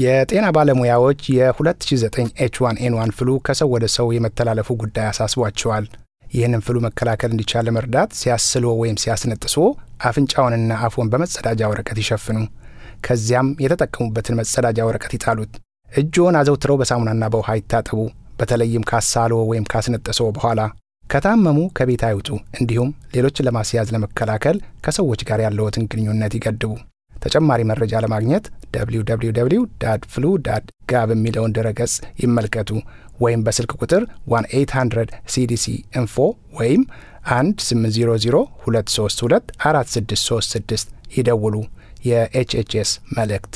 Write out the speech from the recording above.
የጤና ባለሙያዎች የ2009 ዋን ኤን ፍሉ ከሰው ወደ ሰው የመተላለፉ ጉዳይ አሳስቧቸዋል። ይህንም ፍሉ መከላከል እንዲቻል ለመርዳት ሲያስሎ ወይም ሲያስነጥሶ አፍንጫውንና አፎን በመጸዳጃ ወረቀት ይሸፍኑ። ከዚያም የተጠቀሙበትን መጸዳጃ ወረቀት ይጣሉት። እጅዎን አዘውትረው በሳሙናና በውሃ ይታጠቡ፣ በተለይም ካሳሎ ወይም ካስነጠሶ በኋላ። ከታመሙ ከቤት አይውጡ። እንዲሁም ሌሎችን ለማስያዝ ለመከላከል ከሰዎች ጋር ያለዎትን ግንኙነት ይገድቡ። ተጨማሪ መረጃ ለማግኘት www ዳት ፍሉ ጋብ የሚለውን ድረገጽ ይመልከቱ ወይም በስልክ ቁጥር 1800 ሲዲሲ ኢንፎ ወይም 1800 232 4636 ይደውሉ። የኤችኤችኤስ መልእክት